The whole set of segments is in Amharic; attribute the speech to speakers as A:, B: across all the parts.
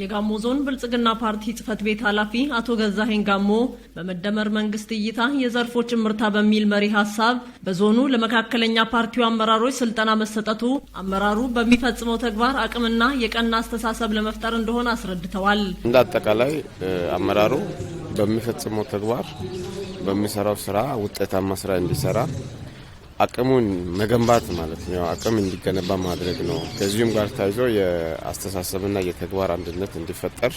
A: የጋሞ ዞን ብልጽግና ፓርቲ ጽህፈት ቤት ኃላፊ አቶ ገዛሄን ጋሞ በመደመር መንግስት እይታ የዘርፎች ምርታ በሚል መሪ ሀሳብ በዞኑ ለመካከለኛ ፓርቲው አመራሮች ስልጠና መሰጠቱ አመራሩ በሚፈጽመው ተግባር አቅምና የቀና አስተሳሰብ ለመፍጠር እንደሆነ አስረድተዋል።
B: እንደ አጠቃላይ አመራሩ በሚፈጽመው ተግባር በሚሰራው ስራ ውጤታማ ስራ እንዲሰራ አቅሙን መገንባት ማለት ነው። አቅም እንዲገነባ ማድረግ ነው። ከዚሁም ጋር ታይዞ የአስተሳሰብና የተግባር አንድነት እንዲፈጠር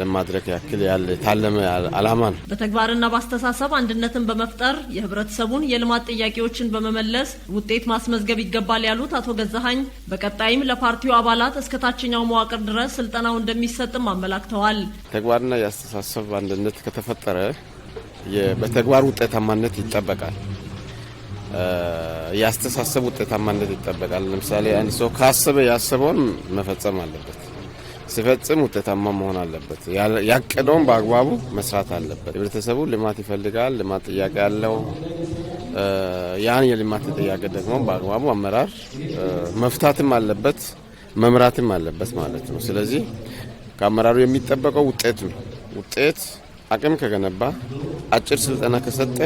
B: ለማድረግ ያክል ያለ ታለመ አላማ ነው።
A: በተግባርና በአስተሳሰብ አንድነትን በመፍጠር የህብረተሰቡን የልማት ጥያቄዎችን በመመለስ ውጤት ማስመዝገብ ይገባል ያሉት አቶ ገዛሀኝ በቀጣይም ለፓርቲው አባላት እስከ ታችኛው መዋቅር ድረስ ስልጠናው እንደሚሰጥም አመላክተዋል።
B: ተግባርና የአስተሳሰብ አንድነት ከተፈጠረ በተግባር ውጤታማነት ይጠበቃል። ያስተሳሰብ ውጤታማነት ይጠበቃል። ለምሳሌ አንድ ሰው ካሰበ ያሰበውን መፈጸም አለበት። ሲፈጽም ውጤታማ መሆን አለበት። ያቀደውን በአግባቡ መስራት አለበት። ህብረተሰቡ ልማት ይፈልጋል። ልማት ጥያቄ አለው። ያን የልማት ጥያቄ ደግሞ በአግባቡ አመራር መፍታትም አለበት መምራትም አለበት ማለት ነው። ስለዚህ ከአመራሩ የሚጠበቀው ውጤት ነው። ውጤት አቅም ከገነባ አጭር ስልጠና ከሰጠ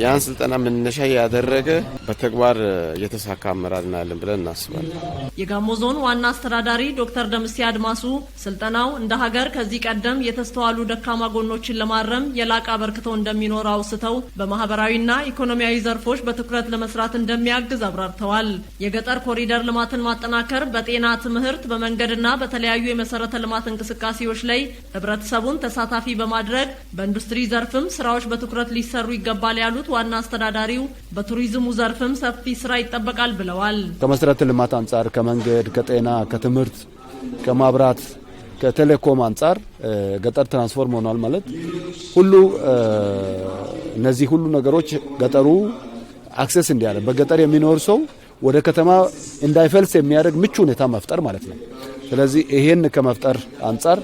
B: ያን ስልጠና መነሻ ያደረገ በተግባር የተሳካ አመራር እናያለን ብለን እናስባለን።
A: የጋሞ ዞን ዋና አስተዳዳሪ ዶክተር ደምሴ አድማሱ ስልጠናው እንደ ሀገር ከዚህ ቀደም የተስተዋሉ ደካማ ጎኖችን ለማረም የላቀ አበርክቶ እንደሚኖር አውስተው በማህበራዊና ኢኮኖሚያዊ ዘርፎች በትኩረት ለመስራት እንደሚያግዝ አብራርተዋል። የገጠር ኮሪደር ልማትን ማጠናከር በጤና ትምህርት፣ በመንገድና በተለያዩ የመሰረተ ልማት እንቅስቃሴዎች ላይ ህብረተሰቡን ተሳታፊ በማድረግ በኢንዱስትሪ ዘርፍም ስራዎች በትኩረት ሊሰሩ ይገባል ያሉት ያሉት ዋና አስተዳዳሪው በቱሪዝሙ ዘርፍም ሰፊ ስራ ይጠበቃል ብለዋል።
B: ከመሰረተ ልማት አንጻር ከመንገድ፣ ከጤና፣ ከትምህርት፣ ከማብራት፣ ከቴሌኮም አንጻር ገጠር ትራንስፎርም ሆኗል ማለት ሁሉ እነዚህ ሁሉ ነገሮች ገጠሩ አክሰስ እንዲያለ በገጠር የሚኖር ሰው ወደ ከተማ እንዳይፈልስ የሚያደርግ ምቹ ሁኔታ መፍጠር ማለት ነው። ስለዚህ ይሄን ከመፍጠር አንጻር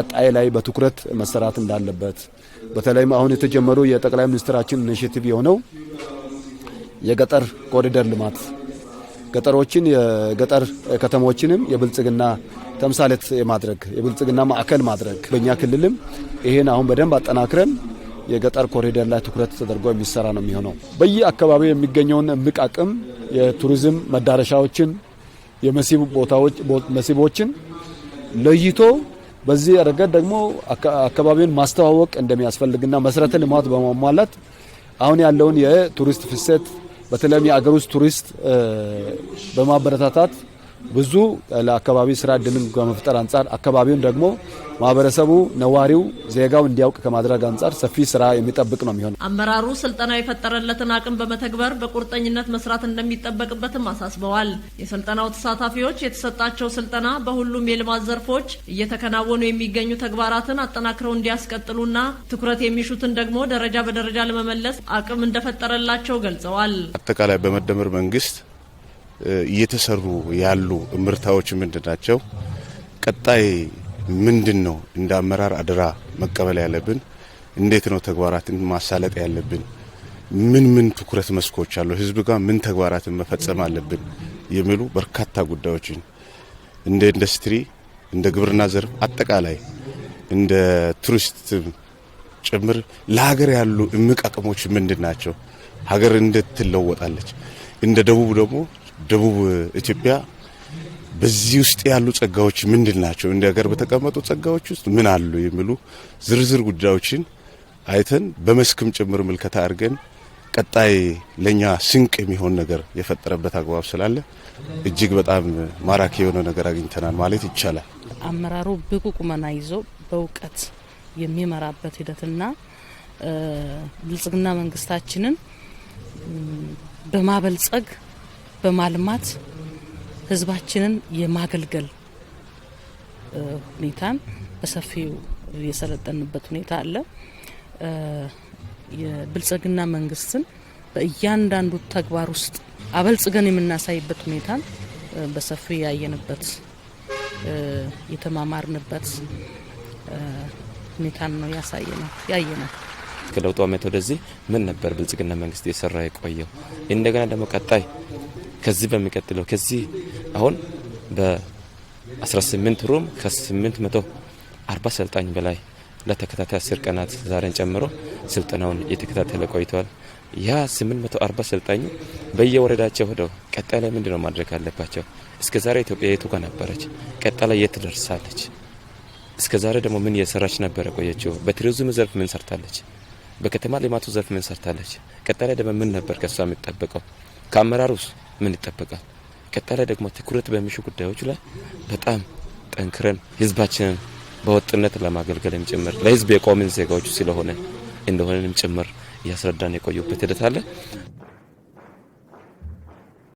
B: ቀጣይ ላይ በትኩረት መሰራት እንዳለበት በተለይም አሁን የተጀመሩ የጠቅላይ ሚኒስትራችን ኢኒሽቲቭ የሆነው የገጠር ኮሪደር ልማት ገጠሮችን የገጠር ከተሞችንም የብልጽግና ተምሳሌት የማድረግ የብልጽግና ማዕከል ማድረግ በእኛ ክልልም ይህን አሁን በደንብ አጠናክረን የገጠር ኮሪደር ላይ ትኩረት ተደርጎ የሚሰራ ነው የሚሆነው። በየአካባቢው የሚገኘውን እምቅ አቅም የቱሪዝም መዳረሻዎችን የመስህብ ቦታዎች መስህቦችን ለይቶ በዚህ ረገድ ደግሞ አካባቢውን ማስተዋወቅ እንደሚያስፈልግና መሰረተ ልማት በማሟላት አሁን ያለውን የቱሪስት ፍሰት በተለይም የአገር ውስጥ ቱሪስት በማበረታታት ብዙ ለአካባቢ ስራ እድልን ከመፍጠር አንጻር አካባቢውን ደግሞ ማህበረሰቡ ነዋሪው ዜጋው እንዲያውቅ ከማድረግ አንጻር ሰፊ ስራ የሚጠብቅ ነው የሚሆነው።
A: አመራሩ ስልጠናው የፈጠረለትን አቅም በመተግበር በቁርጠኝነት መስራት እንደሚጠበቅበትም አሳስበዋል። የስልጠናው ተሳታፊዎች የተሰጣቸው ስልጠና በሁሉም የልማት ዘርፎች እየተከናወኑ የሚገኙ ተግባራትን አጠናክረው እንዲያስቀጥሉና ትኩረት የሚሹትን ደግሞ ደረጃ በደረጃ ለመመለስ አቅም እንደፈጠረላቸው ገልጸዋል።
B: አጠቃላይ በመደመር መንግስት እየተሰሩ ያሉ ምርታዎች ምንድን ናቸው? ቀጣይ ምንድን ነው? እንደ አመራር አደራ መቀበል ያለብን እንዴት ነው ተግባራትን ማሳለጥ ያለብን? ምን ምን ትኩረት መስኮች አሉ? ህዝብ ጋር ምን ተግባራትን መፈጸም አለብን? የሚሉ በርካታ ጉዳዮችን እንደ ኢንዱስትሪ፣ እንደ ግብርና ዘርፍ አጠቃላይ እንደ ቱሪስት ጭምር ለሀገር ያሉ እምቅ አቅሞች ምንድን ናቸው? ሀገር እንዴት ትለወጣለች? እንደ ደቡብ ደግሞ ደቡብ ኢትዮጵያ በዚህ ውስጥ ያሉ ጸጋዎች ምንድን ናቸው? እንደ ሀገር በተቀመጡ ጸጋዎች ውስጥ ምን አሉ? የሚሉ ዝርዝር ጉዳዮችን አይተን በመስክም ጭምር ምልከታ አድርገን ቀጣይ ለእኛ ስንቅ የሚሆን ነገር የፈጠረበት አግባብ ስላለ እጅግ በጣም ማራኪ የሆነ ነገር አግኝተናል ማለት ይቻላል።
C: አመራሩ ብቁ ቁመና ይዞ በእውቀት የሚመራበት ሂደትና ብልጽግና መንግስታችንን በማበልጸግ በማልማት ህዝባችንን የማገልገል ሁኔታን በሰፊው የሰለጠንበት ሁኔታ አለ። የብልጽግና መንግስትን በእያንዳንዱ ተግባር ውስጥ አበልጽገን የምናሳይበት ሁኔታን በሰፊው ያየንበት የተማማርንበት ሁኔታን ነው ያሳየ ነው ያየ ነው።
D: ከለውጡ ዓመት ወደዚህ ምን ነበር ብልጽግና መንግስት የሰራ የቆየው? እንደገና ደግሞ ቀጣይ ከዚህ በሚቀጥለው ከዚህ አሁን በ18 ሩም ከ840 ሰልጣኝ በላይ ለተከታታይ አስር ቀናት ዛሬን ጨምሮ ስልጠናውን እየተከታተለ ቆይተዋል። ያ 840 ሰልጣኝ በየወረዳቸው ሄደው ቀጣይ ላይ ምንድነው ማድረግ አለባቸው? እስከ ዛሬ ኢትዮጵያ የቱ ነበረች? ቀጣይ ላይ የት ደርሳለች? እስከ ዛሬ ደግሞ ምን እየሰራች ነበረ ቆየችው? በቱሪዝም ዘርፍ ምን ሰርታለች? በከተማ ልማቱ ዘርፍ ምን ሰርታለች? ቀጣይ ላይ ደግሞ ምን ነበር ከሷ የሚጠበቀው? ከአመራሩስ ምን ይጠበቃል? ቀጠለ ደግሞ ትኩረት በሚሹ ጉዳዮች ላይ በጣም ጠንክረን ህዝባችንን በወጥነት ለማገልገልም ጭምር ለህዝብ የቆምን ዜጋዎች ስለሆነ እንደሆነንም ጭምር እያስረዳን የቆዩበት ሂደት አለ።